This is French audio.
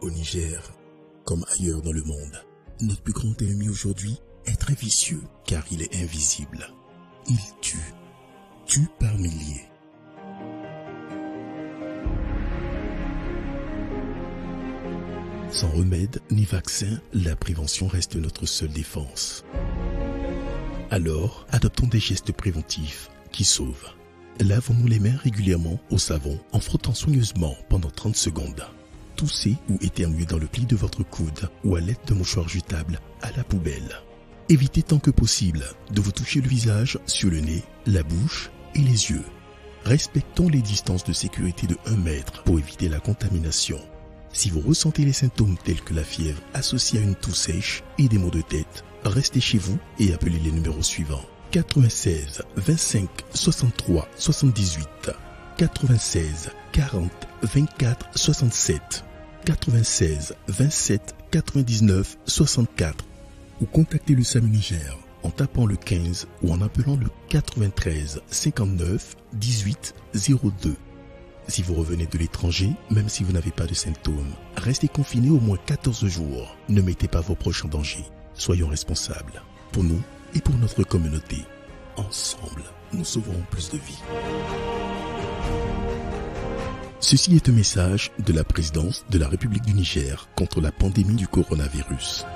au Niger comme ailleurs dans le monde. Notre plus grand ennemi aujourd'hui est très vicieux car il est invisible. Il tue, tue par milliers. Sans remède ni vaccin, la prévention reste notre seule défense. Alors, adoptons des gestes préventifs qui sauvent. Lavons-nous les mains régulièrement au savon en frottant soigneusement pendant 30 secondes tousser ou éternuer dans le pli de votre coude ou à l'aide d'un mouchoir jutable à la poubelle. Évitez tant que possible de vous toucher le visage sur le nez, la bouche et les yeux. Respectons les distances de sécurité de 1 mètre pour éviter la contamination. Si vous ressentez les symptômes tels que la fièvre associée à une toux sèche et des maux de tête, restez chez vous et appelez les numéros suivants. 96 25 63 78 96 40 24 67 96 27 99 64 ou contactez le SAMU Niger en tapant le 15 ou en appelant le 93 59 18 02. Si vous revenez de l'étranger, même si vous n'avez pas de symptômes, restez confiné au moins 14 jours. Ne mettez pas vos proches en danger. Soyons responsables. Pour nous et pour notre communauté. Ensemble, nous sauverons plus de vies. Ceci est un message de la présidence de la République du Niger contre la pandémie du coronavirus.